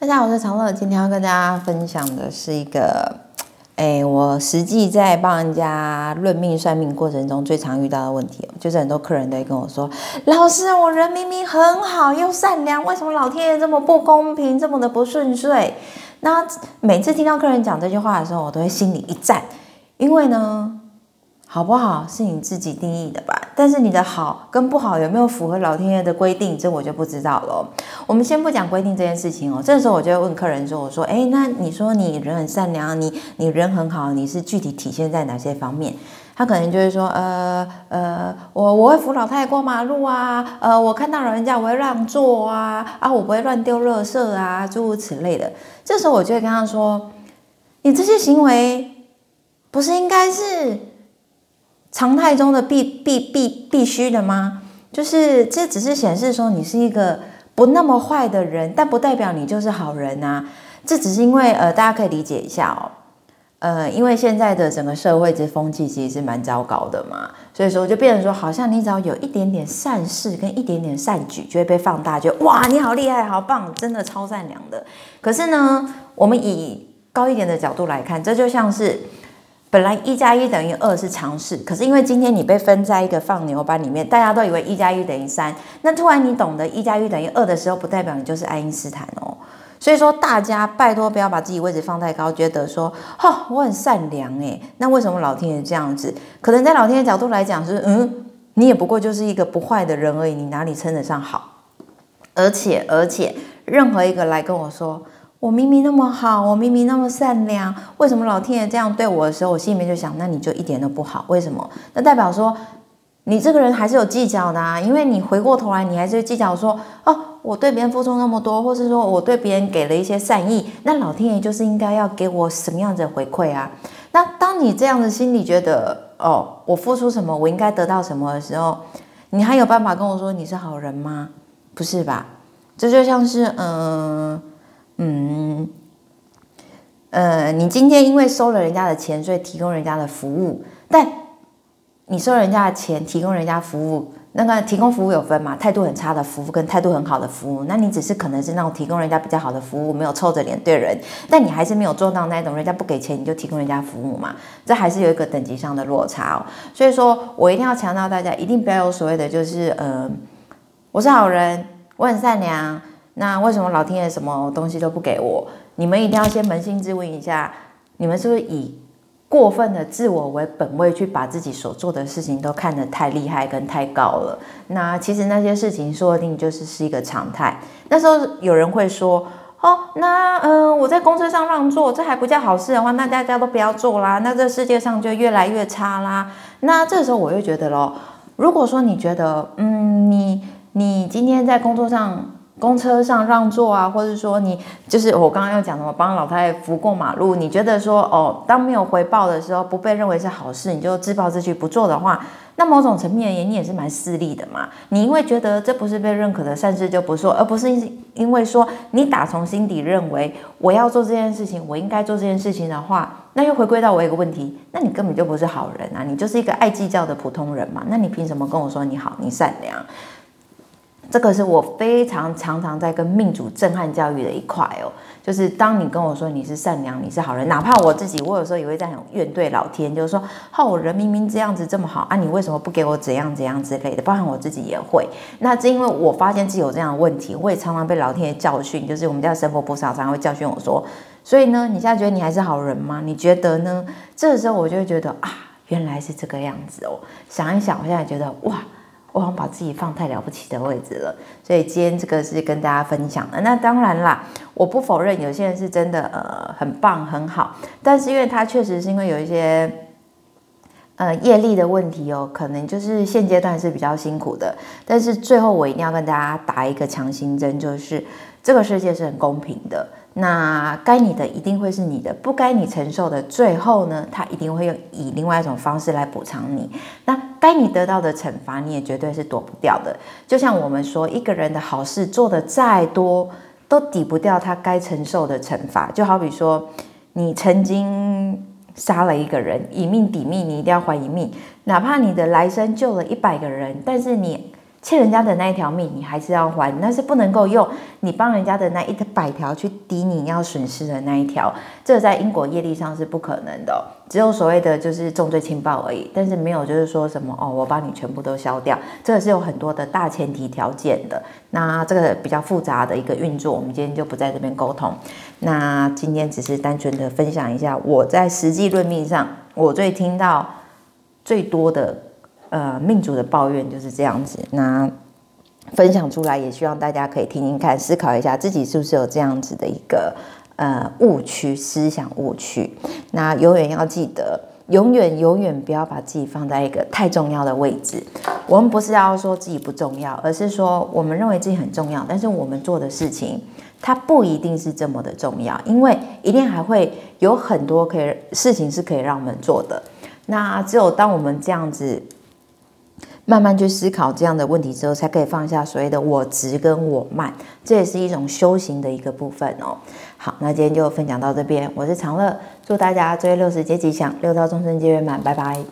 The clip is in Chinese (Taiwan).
大家好，我是常樂。今天要跟大家分享的是一個，哎，我實際在幫人家論命算命過程中最常遇到的問題，就是很多客人都會跟我說：“老師，我人明明很好又善良，為什麼老天爺這麼不公平，這麼的不順遂？”那每次聽到客人講這句話的時候，我都會心裡一戰，因為呢，好不好是你自己定義的吧。但是你的好跟不好有沒有符合老天爺的規定，這我就不知道了。我們先不講規定這件事情哦。這時候我就會問客人說：“我說，哎、欸，那你說你人很善良，你你人很好，你是具體體現在哪些方面？”他可能就會說：“呃呃，我我會扶老太太過馬路啊，呃，我看到老人家我會讓座啊，啊，我不會亂丟垃圾啊，諸如此類的。”這時候我就會跟他說：“你這些行為不是應該是？”常態中的必必必必須的嗎？就是這只是顯示說，你是一個不那麼壞的人，但不代表你就是好人吶、啊。這只是因為呃，大家可以理解一下哦、喔。呃，因為現在的整個社會之風氣其實是蠻糟糕的嘛，所以說就變成說，好像你只要有一點點善事跟一點點善舉，就會被放大，就哇，你好厲害，好棒，真的超善良的。可是呢，我們以高一點的角度來看，這就像是。本來一加一等於二是常識，可是因為今天你被分在一個放牛班裡面，大家都以為一加一等於三。那突然你懂得一加一等於二的時候，不代表你就是愛因斯坦哦。所以說，大家拜托不要把自己位置放太高，覺得說，哈，我很善良誒。那為什麼老天爺這樣子？可能在老天爺角度來講是，是嗯，你也不過就是一個不壞的人而已，你哪裡稱得上好？而且，而且，任何一個來跟我說。我明明那麼好，我明明那麼善良，為什麼老天爺這樣對我的時候，我心裡面就想，那你就一點都不好？為什麼？那代表說你這個人還是有計較的，啊。因為你回過頭來，你還是計較說，哦，我對別人付出那麼多，或是說我對別人給了一些善意，那老天爺就是應該要給我什麼樣子的回饋啊？那當你這樣的心裡覺得，哦，我付出什麼，我應該得到什麼的時候，你還有辦法跟我說你是好人嗎？不是吧？這就像是，嗯、呃。嗯，呃，你今天因為收了人家的錢，所以提供人家的服務。但你收人家的錢，提供人家服務，那個提供服務有分嘛？態度很差的服務跟態度很好的服務，那你只是可能是那種提供人家比較好的服務，沒有臭着臉對人，但你還是沒有做到那種人家不給錢你就提供人家服務嘛？這還是有一個等級上的落差哦。所以說我一定要強調大家，一定不要有所謂的就是，呃，我是好人，我很善良。那為什麼老天爺什麼東西都不給我？你們一定要先捫心自問一下，你們是不是以過分的自我為本位，去把自己所做的事情都看得太厲害跟太高了？那其實那些事情說不定就是是一個常態。那時候有人會說：“哦，那嗯，我在公車上讓座，這還不叫好事的話，那大家都不要做啦，那這世界上就越來越差啦。”那這時候我又覺得咯，如果說你覺得嗯，你你今天在工作上，公車上讓座啊，或者說你就是我剛剛要講什麼，我幫老太太扶過馬路。你覺得說哦，當沒有回報的時候，不被認為是好事，你就自暴自棄不做的話，那某種層面而言，你也是蠻勢利的嘛。你因為覺得這不是被認可的善事就不做，而不是因為說你打從心底認為我要做這件事情，我應該做這件事情的話，那又回歸到我一個問題，那你根本就不是好人啊，你就是一個愛計較的普通人嘛。那你憑什麼跟我說你好，你善良？這個是我非常常常在跟命主震撼教育的一塊哦，就是當你跟我說你是善良，你是好人，哪怕我自己，我有時候也會這樣怨懟老天，就是說，哦，我人明明這樣子這麼好啊，你為什麼不給我怎樣怎樣之類的？包括我自己也會，那是因為我發現自己有這樣的問題，我也常常被老天爺教訓，就是我們家神婆菩薩常常會教訓我說，所以呢，你現在覺得你還是好人嗎？你覺得呢？這個時候我就會覺得啊，原來是這個樣子哦，想一想，我現在覺得哇。我好像把自己放太了不起的位置了，所以今天這個是跟大家分享的。那當然啦，我不否認有些人是真的呃很棒很好，但是因為他確實是因為有一些呃業力的問題哦，可能就是現階段是比較辛苦的。但是最後我一定要跟大家打一個強心針，就是這個世界是很公平的。那該你的一定會是你的，不該你承受的，最後呢，他一定會用以另外一種方式來補償你。那該你得到的懲罰，你也絕對是躲不掉的。就像我們說，一個人的好事做得再多，都抵不掉他該承受的懲罰。就好比說，你曾經殺了一個人，以命抵命，你一定要還一命。哪怕你的來生救了一百個人，但是你。欠人家的那一條命，你還是要還，但是不能夠用你幫人家的那一百條去抵你要損失的那一條，這個在因果業力上是不可能的哦，只有所謂的就是重罪輕報而已，但是沒有就是說什麼哦，我幫你全部都消掉，這個是有很多的大前提條件的。那這個比較複雜的一個運作，我們今天就不在這邊溝通，那今天只是單純的分享一下我在實際論命上我最聽到最多的。呃，命主的抱怨就是這樣子。那分享出來，也希望大家可以聽聽看，思考一下自己是不是有這樣子的一個呃誤區、思想誤區。那永遠要記得，永遠永遠不要把自己放在一個太重要的位置。我們不是要說自己不重要，而是說我們認為自己很重要，但是我們做的事情它不一定是這麼的重要，因為一定還會有很多可以事情是可以讓我們做的。那只有當我們這樣子，慢慢去思考這樣的問題之後，才可以放下所謂的我執跟我慢，這也是一種修行的一個部分哦。好，那今天就分享到這邊，我是常樂，祝大家晝夜六時皆吉祥，六道眾生皆圓滿，拜拜。